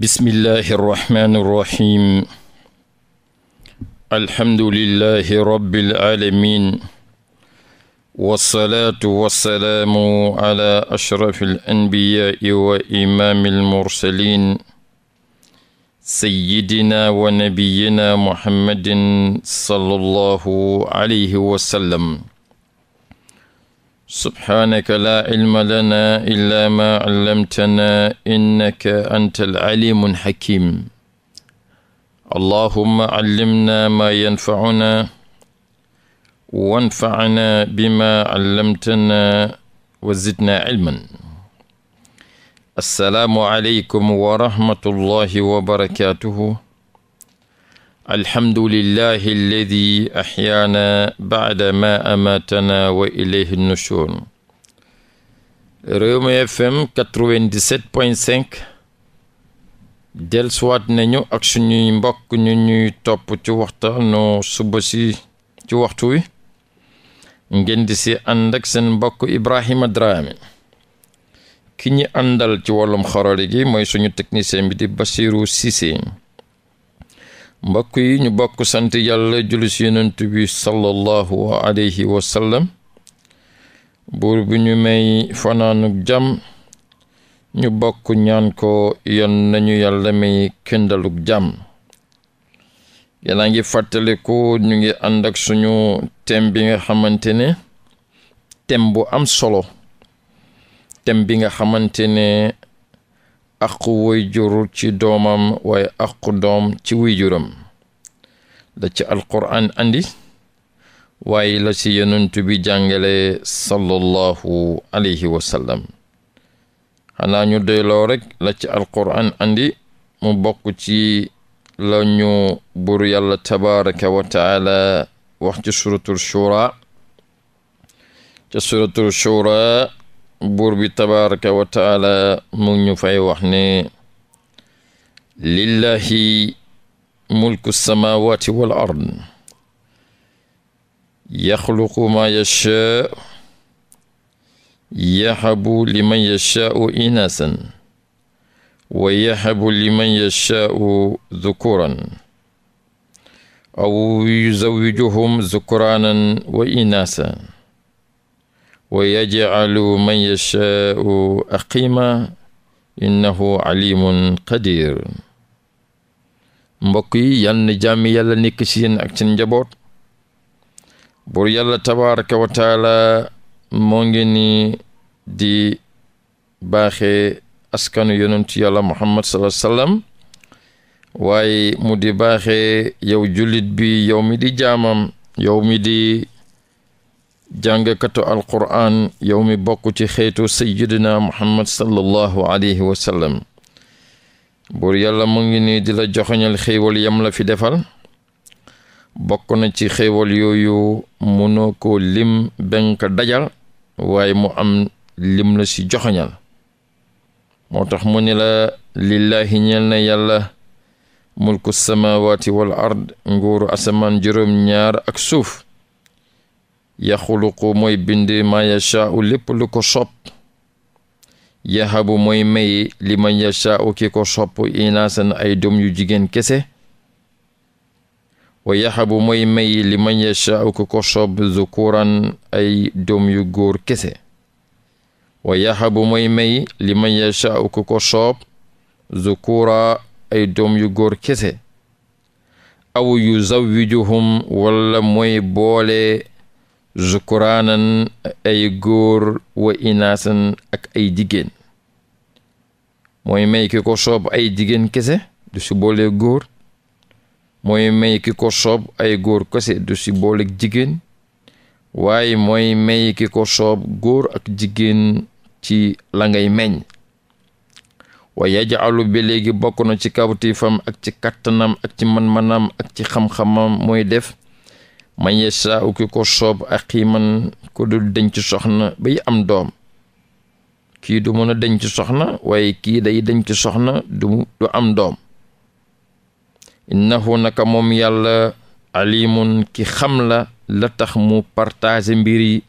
bismillahi irrahmani irrahim alhamdulillahi rabbil alamin wassalaatu wassalaamu ala ashrafi alanbiyaai wa imaami almursalin sayyidina wa nabiyina muhammadin sallallahu alayhi wa sallam subhaanaka laa ilma lanaa illaa maa allamtanaa innaka anta al-aliimu al-hakiim allahumma callimnaa maa yanfacunaa wanfacanaa bimaa callamtanaa wa zidnaa cilman assalaamu aleykum wa rahmatullaahi wa barakaatuhu alhamdulillahi alladi axyaana baada baadama amatana wa ilayhi nushur Rewmi FM 97.5 dellusiwaat nañu ak suñuy mbokk ñu ñuy topp ci waxtaanu suba si ci waxtu wi ngeen di si ànd ak seen mbokk Ibrahima Dramé ki ñi àndal ci wàllum xarala gi mooy suñu technicien bi di Basiru Cissé mbokk yi ñu bokk sant yàlla julli si yonent bi sallallahu alayhi wa sallam ñu may fanaanuk jam ñu bokk ñaan ko yon nañu yàlla may këndaluk jàmm yàlla ngi fàttaliku ñu ngi ànd suñu tem bi nga xamante ne tem bu am solo tem bi nga xamante ne aqu wayjur ci doomam waaye aqu doom ci wayjuram la ci alquran andi waaye la ci yonent bi jàngale sallallahu alayhi wa sallam xanaa ñu doyloo rek la ci alquran andi mu bokk ci la ñu bur yàlla tabaraka wa wax ci suratul buur bi tabaraka wa taala mu ñu fay wax ne lillahi mulku samawati wal ard yaxluqu ma yashaa yaxabu liman yashaau inasan wa yaxabu liman yashaau zukuran aw yuzawijuhum zukuraanan wa inasan wa yajcalu man yashaau aqima innahu alimun qadir mbokk yi yal na jàmm yàlla nekk ci ak seen njaboot buur yàlla tabaraka wa taala moo ngi di baaxe askanu yonentu yàlla muhammad sallallahu alayhi mu di baaxee yow jullit bi yow mi di jaamam yow mi di jàngkatu alqur'aan yow mi bokk ci xeetu sayyidina muhammad sallallahu alayhi wa sallam buur yàlla mu ngi nii di la joxoñal xéewal yam la fi defal bokk na ci xéewal yooyu mënoo ko lim benk dajal waaye mu am lim la ci joxoñal moo tax mu ni la lillaahi ñeel na yàlla mulku samaawaati wal ard asamaan juróom ñaar ak suuf yaxuluqu mooy bind maa yachaau lépp lu ko sopp yahabu mooy may li man yachaau ki ko sopp inaasan ay doom yu jigéen kese wa yahabu mooy may li man yachaau ki ko sopp zukuran ay doom yu góor kese wa yahabu mooy may li man yachaau ki ko sopp zukura ay doom yu góor kese aw yu yuzawwijuhum walla moy boole zukuraanan ay góor wa inaasan ak ay jigéen mooy may ki ko soob ay jigéen kese du si boole góor mooy may ki ko soob ay góor kese du si boole jigéen waaye mooy may ki ko soob góor ak jigéen ci la ngay meññ wa yajaalu bi léegi bokk na ci kawti fam ak ci kàttanam ak ci man-manam ak ci xam-xamam mooy def man yashaa'u ki ko soob aqiiman ko dul denc soxna bay am doom kii du mën a denc soxna waaye kii day denc soxna du du am doom innahu naka moom yàlla alimun ki xam la la tax mu partager mbir yi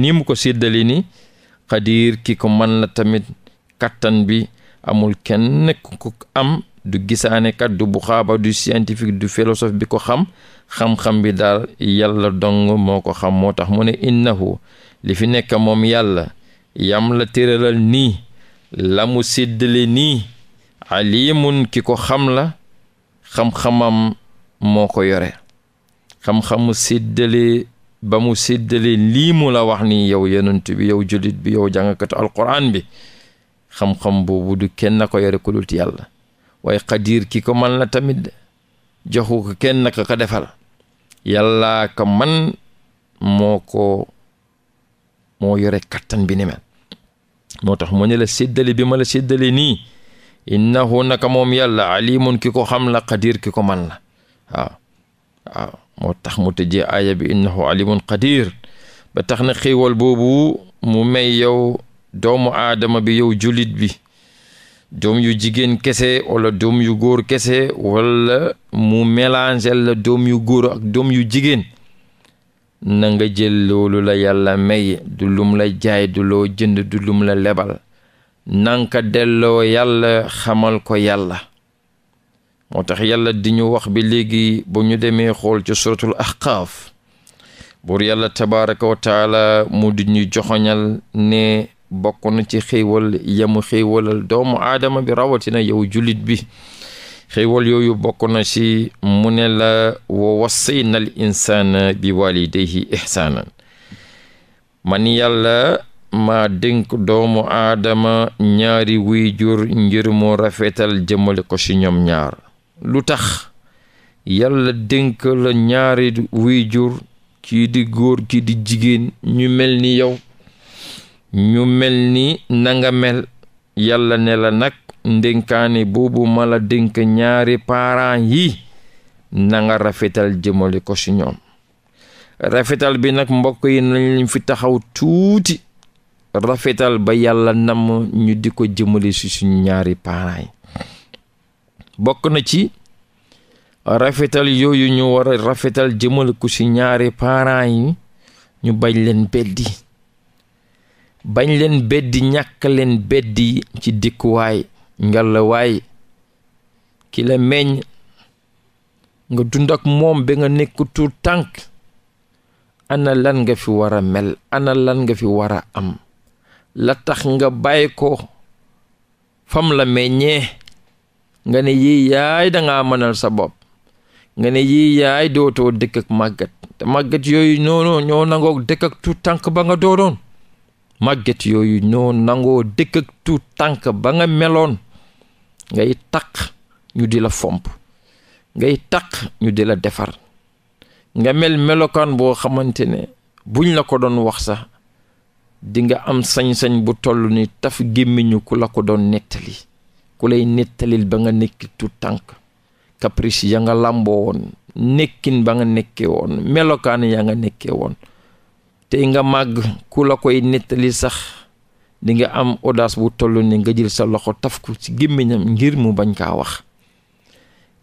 ni mu ko séddali ni xadir ki ko man la tamit kàttan bi amul kenn ku ko am du gisaanekat du buxaaba du scientifique du philosophe bi ko xam xam-xam bi daal yàlla dong moo ko xam moo tax mu ne innahu li fi nekk moom yàlla yam la tëralal nii la mu séddale nii alimun ki ko xam la xam-xamam moo ko yore xam mu séddale ba mu séddale lii mu la wax nii yow yonent bi yow jullit bi yow jàngkatu alquran bi xam-xam boobu du kenn ko yore ku yàlla waaye xadir ki ko man la tamit joxu ko kenn ka defal yàlla ka man moo ko moo yore kattan bi ni moo tax moo ne la bi mala la séddale nii innahu naka moom yàlla alimun ki ko xam la qadir ki ko man la waaw moo tax mu tëjee aaya bi innahu alimun qadir ba tax na xiiwal boobu mu may yow doomu aadama bi yow julit bi doom yu jigéen kese walla doom yu góor kese wala mu mélanger la doom yu góor ak doom yu jigéen nanga nga jël loolu la yàlla may du lum la jaay du loo jënd du lum la lebal nanka delloo yàlla xamal ko yàlla moo tax yàlla di ñu wax bi léegi bu ñu demee xool ci suratul ahqaaf buur yàlla tabaraka wa taala mu di ñu joxoñal ne bokk na ci xéewal yamu xéewalal doomu aadama bi rawatina yow jullit bi xéewal yooyu bokk na ci mu ne la wa wassayna al insaana bi walidayhi ihsaanan man yàlla maa dénk doomu aadama ñaari wuyjur ngir mu rafetal jëmale ko ci ñoom ñaar lu tax yàlla dénk ñaari wuyjur kii di góor kii di jigéen ñu mel ni yow ñu mel ni nanga mel yàlla ne la nag ndénkaane boobu mala dénk ñaari parents yi nanga rafetal jëmale ko ci ñoom rafetal bi nag mbokk yi nañu leen fi taxaw tuuti rafetal ba yàlla namm ñu di ko jëmale ci suñu ñaari parents yi bokk na ci rafetal yooyu ñu war a rafetal jëmale ko ci ñaari parents yi ñu bañ leen beddi bañ leen bedd ñàkk leen bedd ci dikkuwaay ngalawaay ki la meññ nga dund ak moom bi nga nekk tuur tànk ana lan nga fi war a mel ana lan nga fi war a am la tax nga bàyyi ko fam la meññee nga ne yii yaay dangaa mënal sa bopp nga ne yii yaay dootoo dëkk ak màggat te màggat yooyu noonu ñoo nangook dëkk ak tuut tànk ba nga doonoon màgget yooyu ñoo nangoo dëkk ak tuut tànk ba nga meloon ngay taq ñu di la fomp ngay taq ñu di la defar nga mel melokaan boo xamante ne buñ la ko doon wax sax di am sañ-sañ bu toll ni taf gémmiñu ku la ko doon nettali ku lay nettalil ba nga nekki tuut tànk caprice ya nga làmboo woon nekkin ba nga nekkee woon melokaan yaa nga nekkee woon tey nga màgg ku la koy nettali sax di nga am audace bu toll ni nga jil sa loxo taf ko ci gémmiñam ngir mu bañ kaa wax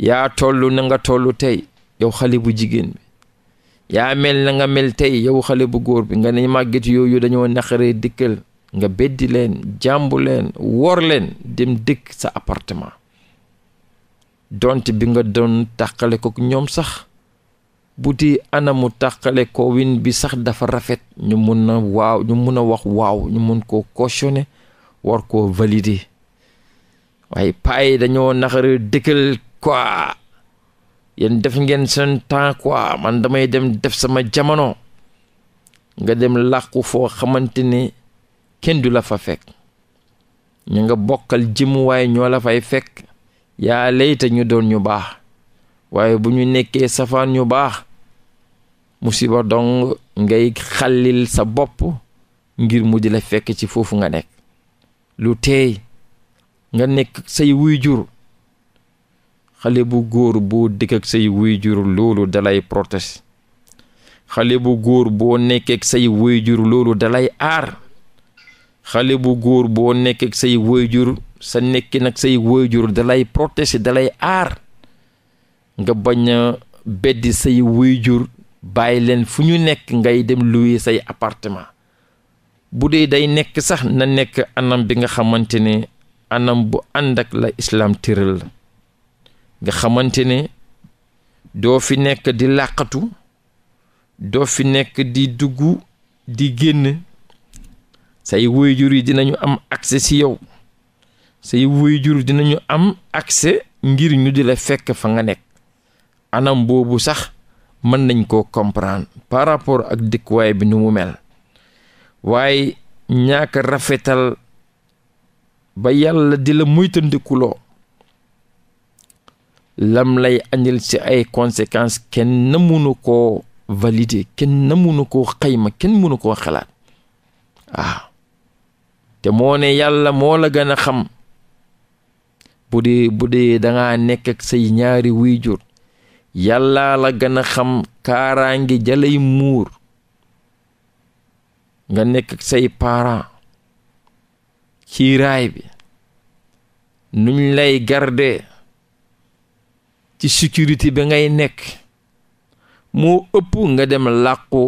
yaa toll na nga tollu tey yow xale bu jigéen bi yaa mel na nga mel tey yow xale bu góor bi nga ne màgget yooyu dañoo naqaree dëkkal nga beddi leen jàmbu leen wor leen dem dëkk sa apartement donte bi nga doon tàqale ko ñoom sax buti anamu tàqale ko win bi sax dafa rafet ñu mën na waaw ñu mën a wax waaw ñu mën ko cautionné war koo valider waaye paay dañoo naxari dëkkal quoi yéen def ngeen seen temps quoi man damay dem def sama jamono nga dem làqu foo xamante ne kenn du la fa fekk ñu nga bokkal jëmuwaay ñoo la fay fekk yaa layta ñu doon ñu baax waaye bu ñu nekkee safaan ñu baax musiba dong ngay xallil sa bopp ngir mu di la fekk ci foofu nga nekk lu teey nga nekk say wuy jur xale bu góor boo dëkk say wuy jur loolu dalay protège xale bu góor boo say wuy jur loolu dalay aar xale bu góor boo nekk say wuy jur sa nekki nag say wuy jur dalay protège dalay aar nga bañ a bedd say wuy jur bàyyi leen fu ñu nekk ngay dem louer say appartement bu dee day nekk sax na nekk anam bi nga xamante ne anam bu ànd ak la islaam tëral la nga xamante ne doo fi nekk di làqatu doo fi nekk di dugg di génn say waajur yi dinañu am accès ci yow say waajur dinañu am accès ngir ñu di la fekk fa nga nekk anam boobu sax mën nañ koo comprendre par rapport ak dëkkuwaay bi nu mu mel waaye ñaak rafetal ba yàlla di la muytandikuloo lam lay andil si ay conséquences kenn na munu koo valider kenn na munu koo xayma kenn mënu koo xalaat ah te moo ne yàlla moo la gën a xam bu dee bu dee dangaa nekk ak say ñaari wuy jur yàllaa la gën a xam kaaraangi jalay muur nga nekk say parents ci bi nuñ lay garde ci sécurité bi ngay nekk moo ëpp nga dem làqu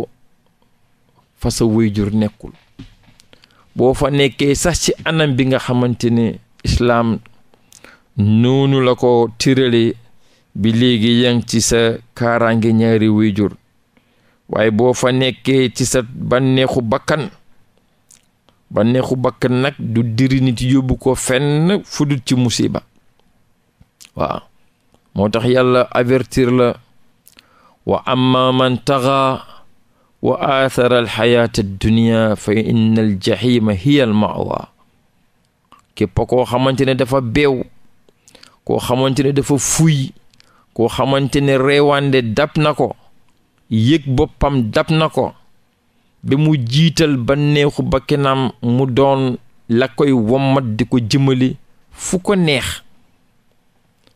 fa sa waajur nekkul boo fa nekkee sax ci anam bi nga xamante ne islaam noonu la ko tërale bi léegi yang ci sa kaaraange ñaari wéyjur waaye boo fa nekkee ci sa bànneexu bakkan bànneexu bakkan nag du diri nit yóbbu ko fenn fudut ci musiba waaw moo tax yàlla avertir la wa amma man taxa wa aathara alxayaata addunia fa inna aljahima hiya almawa képp koo xamante ne dafa beew koo xamante ne dafa fuy koo xamante ne reewaande dab na ko yëg boppam dab na ko ba mu jiital banneexu bakkanam mu doon la koy wommat di ko jëmali fu ko neex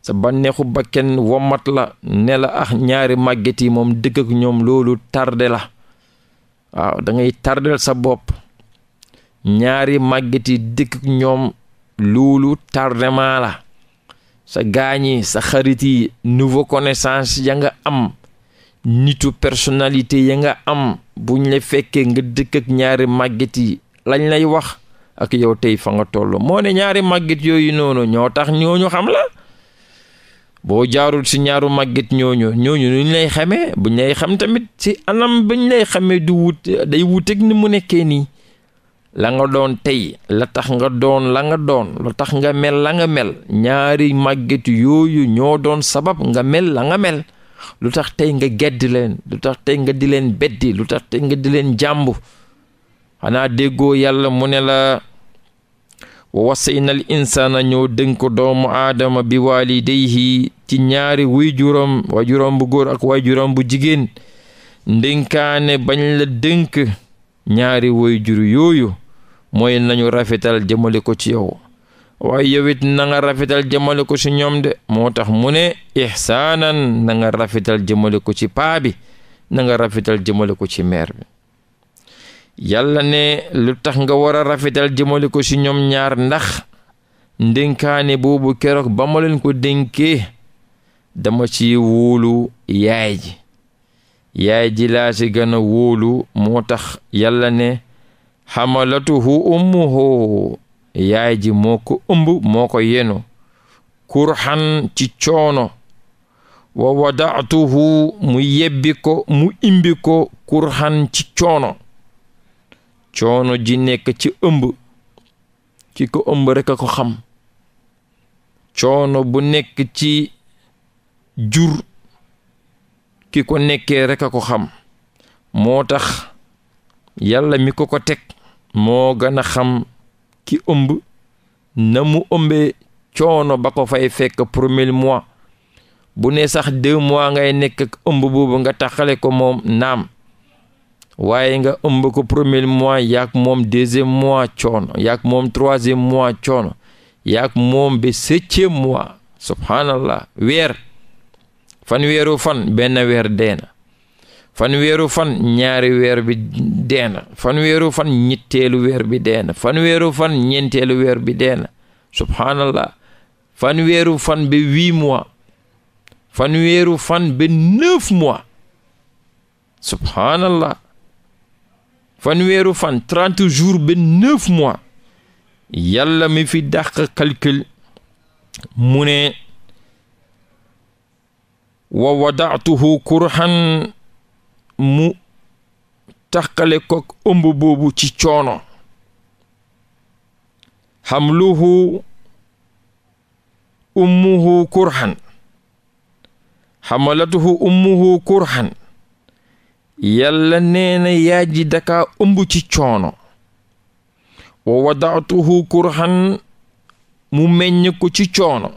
sa bànneexu bakken wommat la ne la ah ñaari màgget yi moom dëkk ak ñoom loolu tarde la waaw da tardel sa bopp ñaari màgget yi dëkk ñoom loolu tardement la sa gaañi sa xarit yi nouveau connaissance ya nga am nitu personnalité ya nga am buñ la fekkee nga dëkk ñaari màgget yi lañ lay wax ak yow tey fa nga toll moo ne ñaari màgget yooyu noonu ñoo tax ñooñu xam la boo jaarul si ñaaru màgget ñooñu ñooñu nuñ lay xamee buñ lay xam tamit si anam bañ lay xame du wut day wuteeg ni mu nekkee nii la nga doon tey la tax nga doon la nga doon la tax nga mel la nga mel ñaari màgget yooyu ñoo doon sabab nga mel la nga mel lu tax tey nga gedd leen lu tax tey nga di leen beddi lu tax tey nga di leen jàmb xanaa déggoo yàlla mu ne la wa wasayna al insaana ñoo dënk doomu aadama bi waalidayhi ci ñaari waajuram waajuram bu góor ak waajuram bu jigéen ndénkaane bañ la dënk ñaari waajur yooyu mooy nañu rafetal jëmale ko ci yow waaye yow it na rafetal jëmale ko ci ñoom de moo tax mu ne ihsaanan nanga nga rafetal jëmale ko ci paa bi na rafetal jëmale ko ci meer bi yàlla ne lu tax nga war a rafetal jëmale ko ci ñoom ñaar ndax ndénkaane boobu keroog ba ma leen ko dénkee dama ci wóolu yaay ji yaay ji laa ci gën a wóolu moo tax yàlla ne hamalatuhu ummuhu yaay ji moo ko ëmb moo ko yenu kurhan ci coono wa wada'tuhu mu yebbi mu imbi ko kurhan ci coono coono ji nekk ci ëmb ki ko ëmb rek a ko xam coono bu nekk ci jur ki ko nekkee rekk a ko xam moo tax yàlla mi ko ko teg moo gën a xam ki ëmb na mu ëmbee coono ba ko fay fekk premier mois bu ne sax deux mois ngay nekk ak ëmb boobu nga taxale ko moom naam waaye nga ëmb ko premier mois yaak moom deuxième mois coono yaak moom troisième mois coono yaak moom ba septième mois weer fan weeru fan benn weer deena fanweeru fan ñaari weer bi deena fanweeru fan ñetteelu weer bi deena fanweeru fan ñeenteelu weer bi deena subhaanallah fanweeru fan ba huit mois fanweeru fan ba neuf mois subhaanallah fanweeru fan trente jours ba neuf mois yàlla mi fi dàq calcul mu ne wa wadaatuhu kurhan mu taxale ko ëmb boobu ci coono xamluhu ummuhu kurhan xamalatuhu ummuhu kurhan yàlla nee na yaay ji daka ëmb ci coono wa wadaatuhu kurhan mu meññ ci coono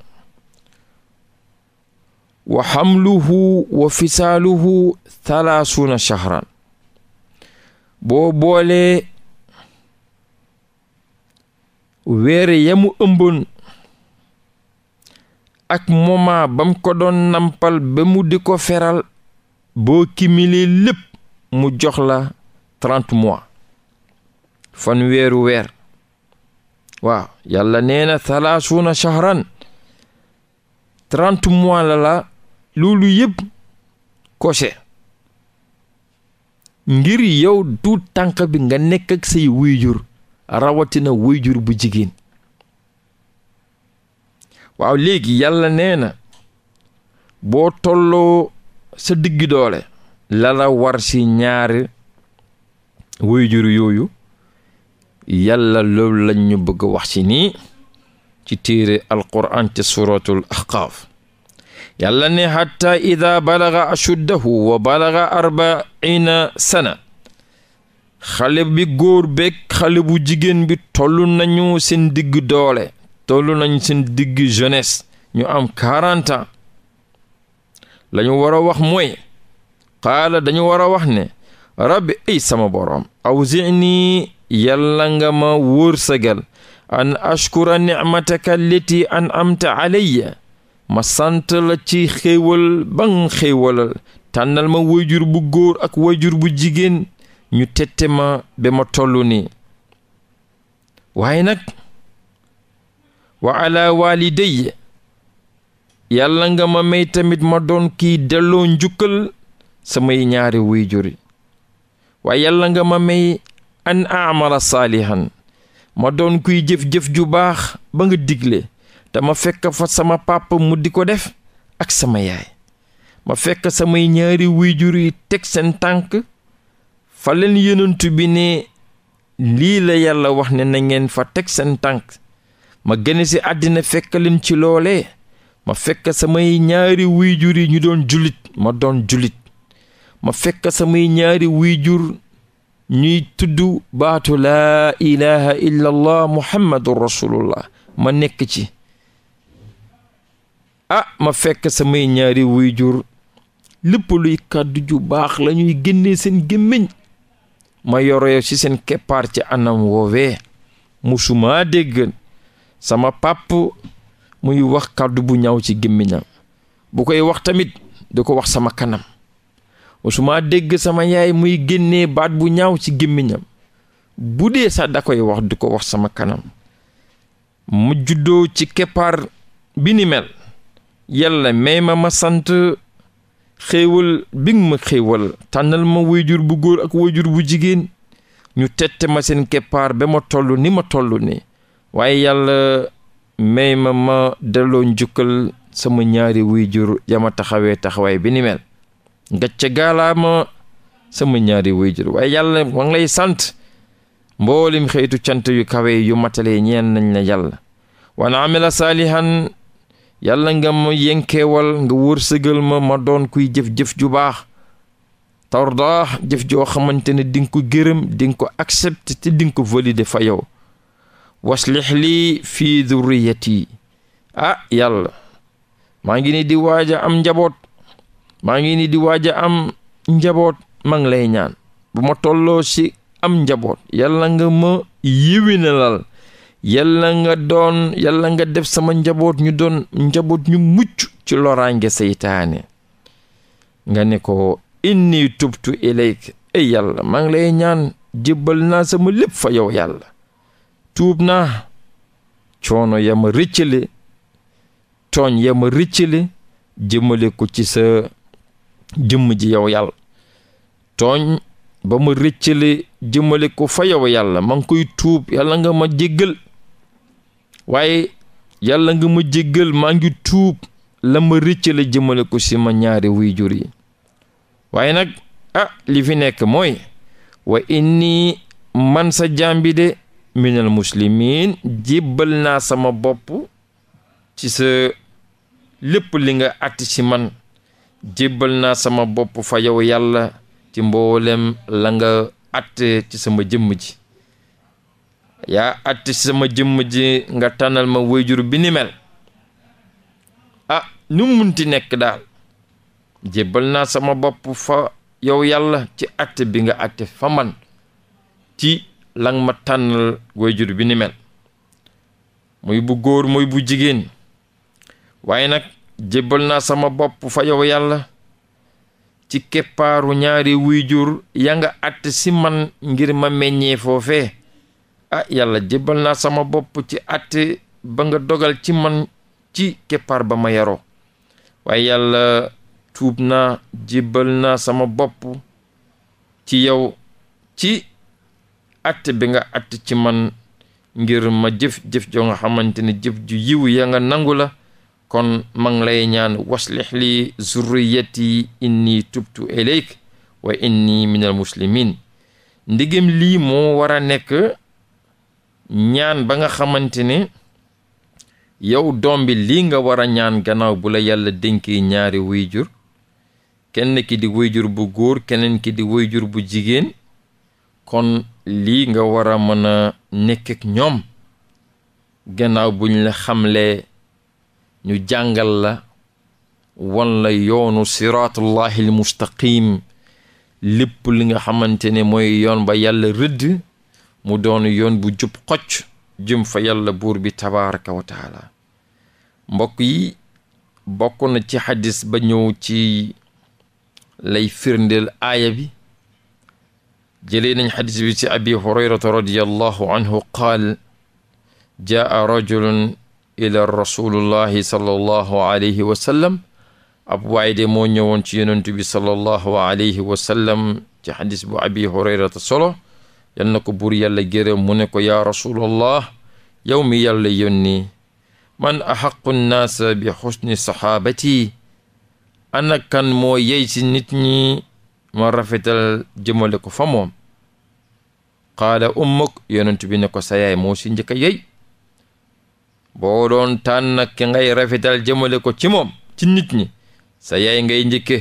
wa xamluhu wa fisaaluhu talaasuuna shahran boo boolee weer yamu ëmboon ak moment bam ko doon nampal ba mu di ko feral boo kimili lépp mu jox la trente mois fan weeru weer waaw yàlla nee na talaasuuna shahran trente mois la la loolu yëpp kose ngir yow du tànk bi nga nekk ak say wuyjur rawatina wuyjur bu jigéen waaw léegi yàlla nee na boo tolloo sa diggi doole lala la war ci ñaari wuyjur yooyu yàlla lool lañ ñu bëgg wax ci nii ci téere alquran ci suratul ahqaaf yàlla ne hatta ida balaga ashuddahu wa balaga arbaina sana xale bi góor beeg xale bu jigéen bi tollu nañu seen digg doole tollu nañu seen digg jones ñu am karanta lañu la war a wax mooy qaala dañu war a wax ne rabbi ay sama boroom awzi'ni yàlla nga ma wërsëgal an ashkura ni'mataka allati an'amta alayya ma sant la ci xéewal ba nga xéewalal tànnal ma wayjur bu góor ak wayjur bu jigéen ñu tette ma ba ma toll nii waaye nag wa ala waliday yàlla nga ma may tamit ma doon kii delloo njukkal samay ñaari wayjur yi waaye yàlla nga ma may an amala saalihan ma doon kuy jëf-jëf ju baax ba nga digle dama fekk fa sama papa mu di ko def ak sama yaay ma fekk samay ñaari wuyjur yi teg seen tànk fa leen yenantu bi ne lii la yàlla wax ne na ngeen fa teg seen tànk ma gën si àddina fekk leen ci loole ma fekk samay ñaari wuyjur yi ñu doon jullit ma doon jullit ma fekk samay ñaari wuyjur ñuy tudd baatu laa ilaha illa allah muhammadun rasulullah ma nekk ci a ah, ma fekk samay ñaari wuy jur lépp luy kàddu ju baax lañuy génne seen gémmiñ ma yore ci seen keppaar ci anam woowee musumaa dégg sama pàpp muy wax kàddu bu ñaaw ci gémmiñam bu koy wax tamit di ko wax sama kanam musumaa dégg sama yaay muy génnee baat bu ñaaw ci gémmiñam bu dee sax da koy wax di ko wax sama kanam mu juddoo ci keppaar bi ni mel yàlla may ma ma sant xéewal bi ma xéewal tànnal ma wayjur bu góor ak wayjur bu jigéen ñu tette ma seen keppaar ba ma toll ni ma toll ni waaye yàlla may ma ma delloo njukkal sama ñaari wayjur yama taxawee taxawaay bi ni mel gàcce gaalaama sama ñaari wayjur waaye yàlla ma lay sant mboolim xeetu cant yu kawee yu matale ñeen nañ la yàlla wana amila saalihan yàlla nga ma yenkeewal nga wërsëgal ma ma doon kuy jëf-jëf ju baax tarda jëf joo xamante ne dinga ko gërëm dinga ko accepté te di nga ko validé fa yow was lii fii durriyati ah yàlla maa ngi ni di waaja am njaboot maa ngi nii di waaja am njaboot maa ngi lay ñaan bu ma tolloo si am njaboot yàlla nga ma yiwinalal yàlla nga doon yàlla nga def sama njaboot ñu doon njaboot ñu mucc ci loraange seytaane nga ne ko inni tubtu ilayk ey yàlla maa ngi lay ñaan jébbal naa sama lépp fa yow yàlla tuub naa coono ya ma rëccale tooñ ya ma ko ci sa jëmm ji yow yàlla tooñ ba ma rëccale jëmmale ko fa yow yàlla ma koy tuub yàlla nga ma jéggal waaye yàlla nga ma jéggal maa ngi tuub la ma la jëmale ko si ma ñaari wuy jur waaye nag ah li fi nekk mooy wa inni man sa jàmbi de minal muslimin jibbal naa sama bopp ci sa lépp li nga atti ci man jébbal naa sama bopp fa yow yàlla ci mboolem la nga atte ci sama jëmm ji yaa atti sama jëmm ji nga tànnal ma wayjur bi ni mel ah nu munti nekk daal jébbal naa sama bopp fa yow yàlla ci atte bi nga atte fa man ci lang ma tànnal wayjur bi ni mel muy bu góor muy bu jigéen waaye nag jébbal naa sama bopp fa yow yàlla ci keppaaru ñaari wayjur ya nga atte si man ngir ma meññee foofee ah yàlla jébbal naa sama bopp ci àtte ba nga dogal ci man ci keppaar ba ma yaroo waaye yàlla tuub naa jébbal naa sama bopp ci yow ci àtte bi nga àtte ci man ngir ma jëf-jëf joo nga xamante ne jëf ju yiw ya nga nangu la kon ma lay ñaan waslih li zurriyati inni tubtu ilayk wa inni minal muslimin ndigam lii moo war nekk ñaan ba nga xamante ne yow doom bi lii nga war a ñaan gannaaw bu la yàlla dénkee ñaari wuyjur kenn ki di wuyjur bu góor keneen ki di wuyjur bu jigéen kon lii nga war a mën a nekk ak ñoom gannaaw buñ la xamlee ñu jàngal la wan la yoonu siraatullahi al mustaqim lépp li nga xamante ne mooy yoon ba yàlla rëdd mu doon yoon bu jub xocc jëm fa yalla buur bi tabaraka wa taala mbokk yi bokk na ci xadis ba ñëw ci lay firnde aaya bi jëlee nañ xadis bi ci abi hurayrata radiallahu anhu qaal jaa rajulun ila rasulullahi sallallahu alayhi waay de moo ñëwoon ci yonent bi sallallahu alayhi wa ci xadis bu abi hurayrata solo yal na ko buur yàlla gërëm mu ne ko yaa rasulallah yow mi yàlla yónni man axaqu naas bi xusni saxaabati ana kan moo yey ci nit ñi ma rafetal jëmale ko fa moom qaala ummuk yonent bi ne ko sa moo si njëkk a yey boo doon tànn ki ngay rafetal jëmale ko ci moom ci nit ñi sa ngay njëkke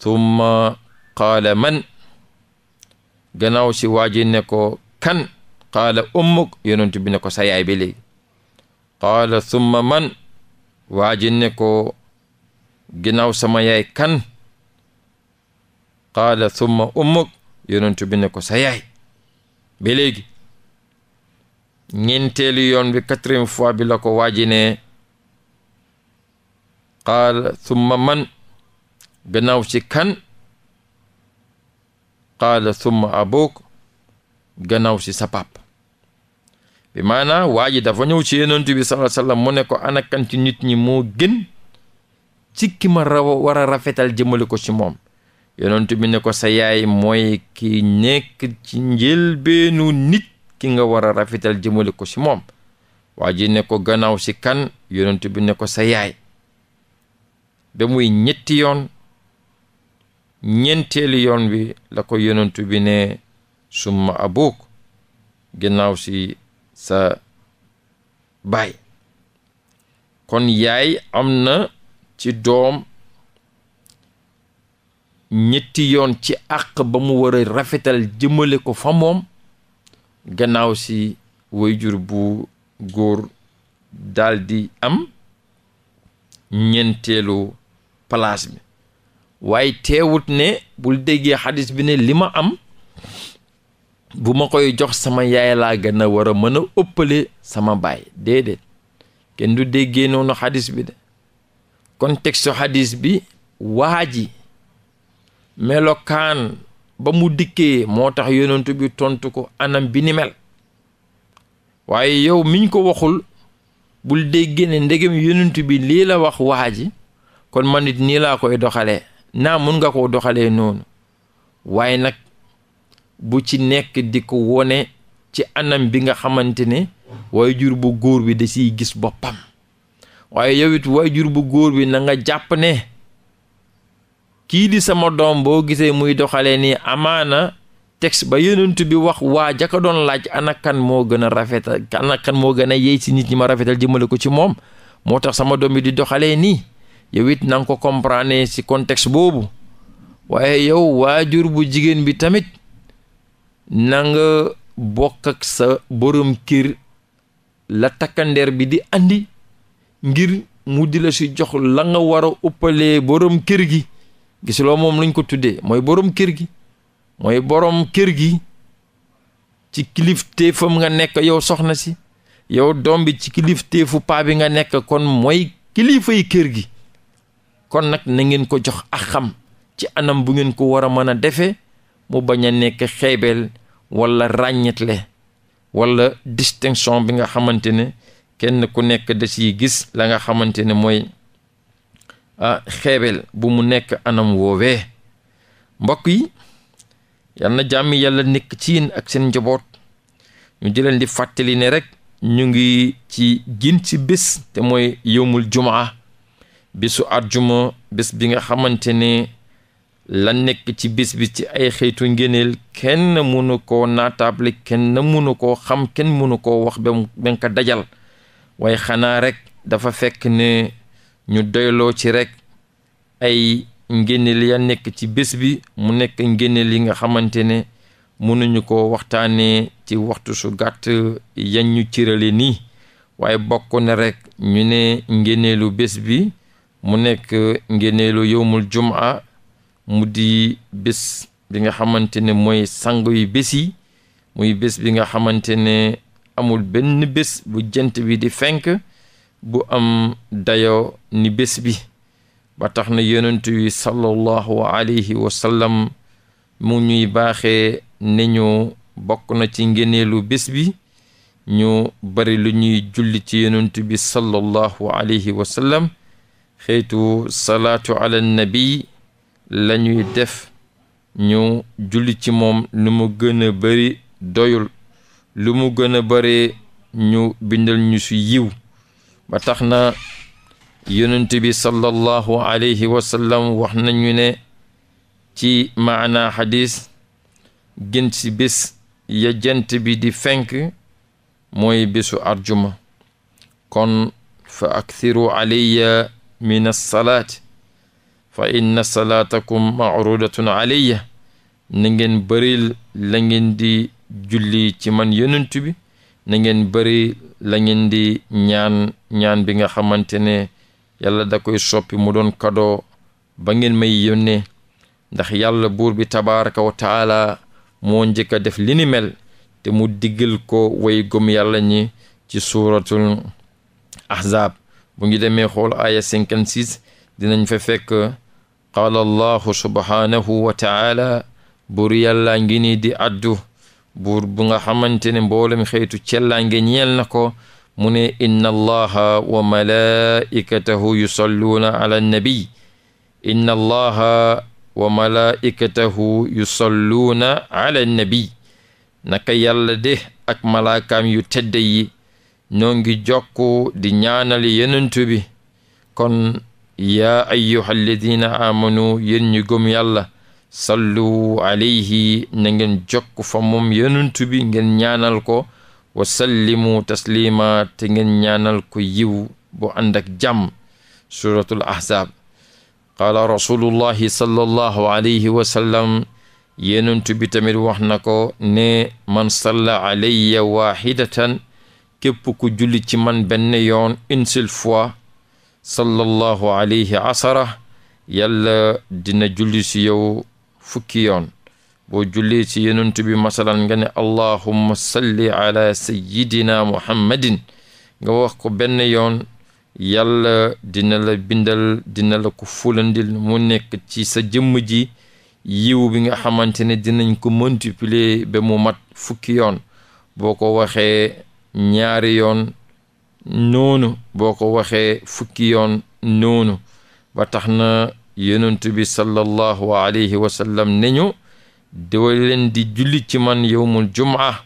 summa qaala man gannaaw si waa ko kan qaala ummuk yonent bi ne ko sa yaay bi léegi qaala summa man waa ji ne ko ginnaaw sama kan qaala summa ummuk yonent bi ne ko sa yaay ba léegi ñeenteelu yoon bi quatrième fois bi la ko waaji ne qaala summa man gannaaw si kan qaala summa abuk gannaaw si sa pap bi maanaa waa ji dafa ñëw ci yonent bi sallallahu alayhi mu ne ko anakkan ci nit ñi moo gën ci ki ma raw war a rafetal jëmale ko ci moom yonent bi ne ko sa yaay mooy ki nekk ci njëlbeenu nit ki nga war a rafetal jëmale ko ci moom waa ji ne ko gannaaw si kan yonent bi ne ko sa yaay muy ñetti yoon ñeenteelu yoon wi la ko yonentu bi ne summa abuk ginnaaw si sa baay kon yaay am na ci doom ñetti yoon ci àq ba mu wara a rafetal jëmale ko famoom gannaaw si wayjur bu góor daldi am ñeenteelu palaas bi waaye teewut ne bul déggee xadis bi ne li ma am bu ma koy jox sama yaay laa gën a war a mën a ëppale sama baay déedéet kenn du déggee noonu xadis bi de contexte xadis bi waa ji kaan ba mu dikkee moo tax yonentu bi tontu ko anam bi ni mel waaye yow miñ ko waxul bul déggee ne ndegem yonentu bi lii la wax waa ji kon man nit nii laa koy doxalee naa mun nga ko doxalee noonu waaye nag bu ci nekk di ko wone ci anam bi nga xamante ne waajur bu góor bi da siy gis boppam waaye yow it waajur bu góor bi na nga jàpp ne kii di sama doom boo gisee muy doxalee nii amaana texte ba yonent bi wax waa jaka doon laaj anakan moo gën a rafetal anakan moo gën a yey si nit ñi ma rafetal jëmmale ko ci moom moo tax sama doom bi di doxalee nii yow it nanga ko comprendre si contexte boobu waaye yow waajur bu jigéen bi tamit nanga nga bokk ak sa borom kër la takkandeer bi di andi ngir mu di la ci jox la nga war a uppalee borom kër gi gisuloo moom lañ ko tuddee mooy borom kër gi mooy borom kër gi ci kilifteefam nga nekk yow soxna si yow doom bi ci kilifteefu paa bi nga nekk kon mooy kilifay kër gi kon nag na ngeen ko jox ak xam ci anam bu ngeen ko war a mën a defe mu bañ a nekk xeebeel walla ràññeetle wala distinction bi nga xamante ne kenn ku nekk da ciy gis la nga xamante ne mooy ah xeebeel bu mu nekk anam woowee mbokk yi yal na jàmmi yàlla nekk ci yéen ak seen njaboot ñu di leen di fàttali ne rek ñu ngi ci jiin ci bés te mooy yowmul jumaa bisu àjjuma bés bi nga xamante ne la nekk ci bés bi ci ay xeetu ngéneel kenn mënu koo naataable kenn mënu koo xam kenn mënu koo wax ba nga ko dajal waaye xanaa rek dafa fekk ne ñu doyloo ci rekk ay ngéneel ya nekk ci bés bi mu nekk ngéneel yi nga xamante ne mënuñu ko waxtaanee ci waxtu su gàtt yan ñu cirale nii waaye bokk na rekk ñu ne ngéneelu bés bi mu nekk ngeneelu yowmul jumaa mu di bés bi nga xamante ne mooy sango yu bés yi muy bés bi nga xamante ne amul benn bés bu jant bi di fenk bu am dayo ni bés bi ba tax na yonent yi sallallahu alayhi wa sallam mu ñuy baaxee ne ñu bokk na ci ngeneelu bés bi ñu bari lu ñuy julli ci yonent bi sallallahu alayhi wa xeetu salaatu ala nabi lañuy def ñu julli ci moom lu mu gën a doyul lu mu gën a bari ñu bindal ñu su yiw ba tax na yonent bi sallallahu alayhi wa wax nañu ne ci maana xadis gën ci bés ya bi di fenk mooy bésu arjuma kon fa akthiru alayya min alsalaati fa inna salaatakum macrudatun alayya na ngeen bëri la ngeen di julli ci man yonent bi na ngeen bëri la ngeen di ñaan ñaan bi nga xamante ne yàlla da koy soppi mu doon kadoo ba ngeen may yónnee ndax yàlla buur bi tabaraka wa taala moo njëkk a def li ni mel te mu diggal ko way gom yàlla ñi ci suuratul ahzaab bu ngi demee xool aaya 56 dinañ fa fekk qaala allahu subhaanahu wa taala buur yàllaa ngi nii di addu buur bu nga xamante ne mboolem xeetu cellaa nge ñeel na ko mu ne inna allaha wa malaikatahu yusalluuna ala annabi inna allaha wa malaikatahu yusalluuna ala annabi naka ak malaakaam yu tedde yi ñoo ngi jokk di ñaanal yenentu bi kon yaa ayyuha alladina amanu yéen ñu yàlla sallu alayhi na jokk fa moom bi ngeen ñaanal ko wa sallimu taslima te ngeen ñaanal ko yiw bu ànd ak jàmm suratul ahzab qaala rasulullahi sallallahu alayhi wa sallam yenentu bi tamit wax na ko ne man salla alayya wahidatan képp ku julli ci man benn yoon une seule fois sallallahu alayhi asara yàlla dina julli si yow fukki yoon boo julli ci yonent bi masalan nga ne allahumma salli ala sayyidina muhammadin nga wax ko benn yoon yàlla dina la bindal dina la ko fulandil mu nekk ci sa jëmm ji yiw bi nga xamante ne dinañ ko multiplier ba mu mat fukki yoon boo ko waxee ñaari yoon noonu boo ko waxee fukki yoon noonu ba tax na yonent bi sallallahu alayhi wa sallam ne ñu doo leen di julli ci man yowmul jumaa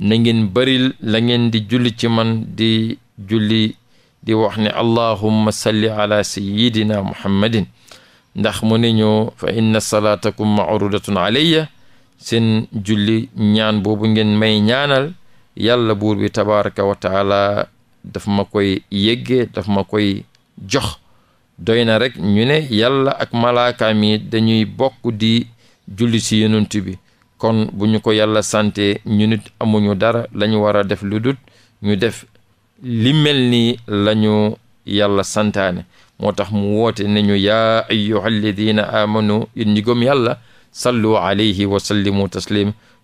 na ngeen bari la ngeen di julli ci man di julli di wax ne allahumma salli ala sayyidina muhammadin ndax mu ne ñu fa inna salaatakum maarudatun alayya seen julli ñaan boobu ngeen may ñaanal yàlla buur bi tabaraka wa taala daf ma koy yëggee daf ma koy jox doy na rek ñu ne yàlla ak malaakaam yi dañuy bokk di julli ci yonent bi kon bu ñu ko yàlla sante ñu nit amuñu dara lañu war a def lu dut ñu def li mel ni lañu yàlla santaane moo tax mu woote ne ñu yaa ayyuha alladina amanu yéen ñi gëm yàlla sallu alayhi wa sallimu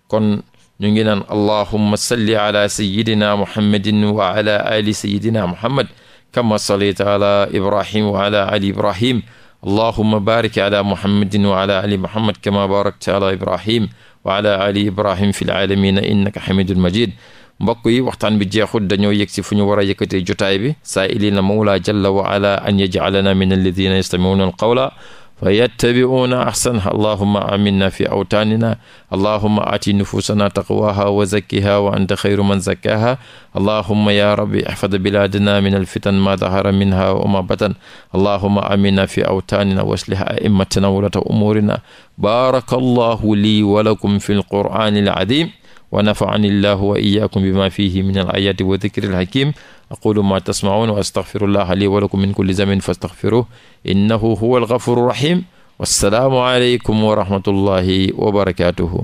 kon ñu ngi naan allahumma salli ala sayidina muhammadin wa ala ali sayidina muhammad kama sallayta ala ibrahim wa ala ali ibrahim allahumma barik ala muhammadin wa ala ali muhammad kama barakta ala ibrahim wa ala ali ibrahim fi laalamina innaka hamidun majid mbokk yi waxtaan bi jeexul dañoo yëg si fu ñu war a yëkkatee jotaay bi saa ilina mawla jalla wa ala an yajalana min alladina yastamiuna alqawla fa yattabi'uuna ahsanaha allahuma aminna fi awtaanina allahuma aati nufuusanaa taqwaha wa zakkiha wa anta xayru man zakkaaha allahuma ya rabbi ihfad bilaadana min alfitan ma dahara minha wa ma batan allahuma aminna fi awtaanina wa aslih a'immatana wulata umuurina baaraka allahu lii wa lakum fi alqur'aani al'aziim wa nafa'ani allahu wa iyyaakum bima fiihi min al-aayaati wa dhikri al-hakiim aqulu ma tasmaun wa astaghfirullah li wa lakum min kulli zamin fastaghfiruh innahu huwa alghafuru rahim wassalaamu aleykum wa rahmatullahi wa barakatuhu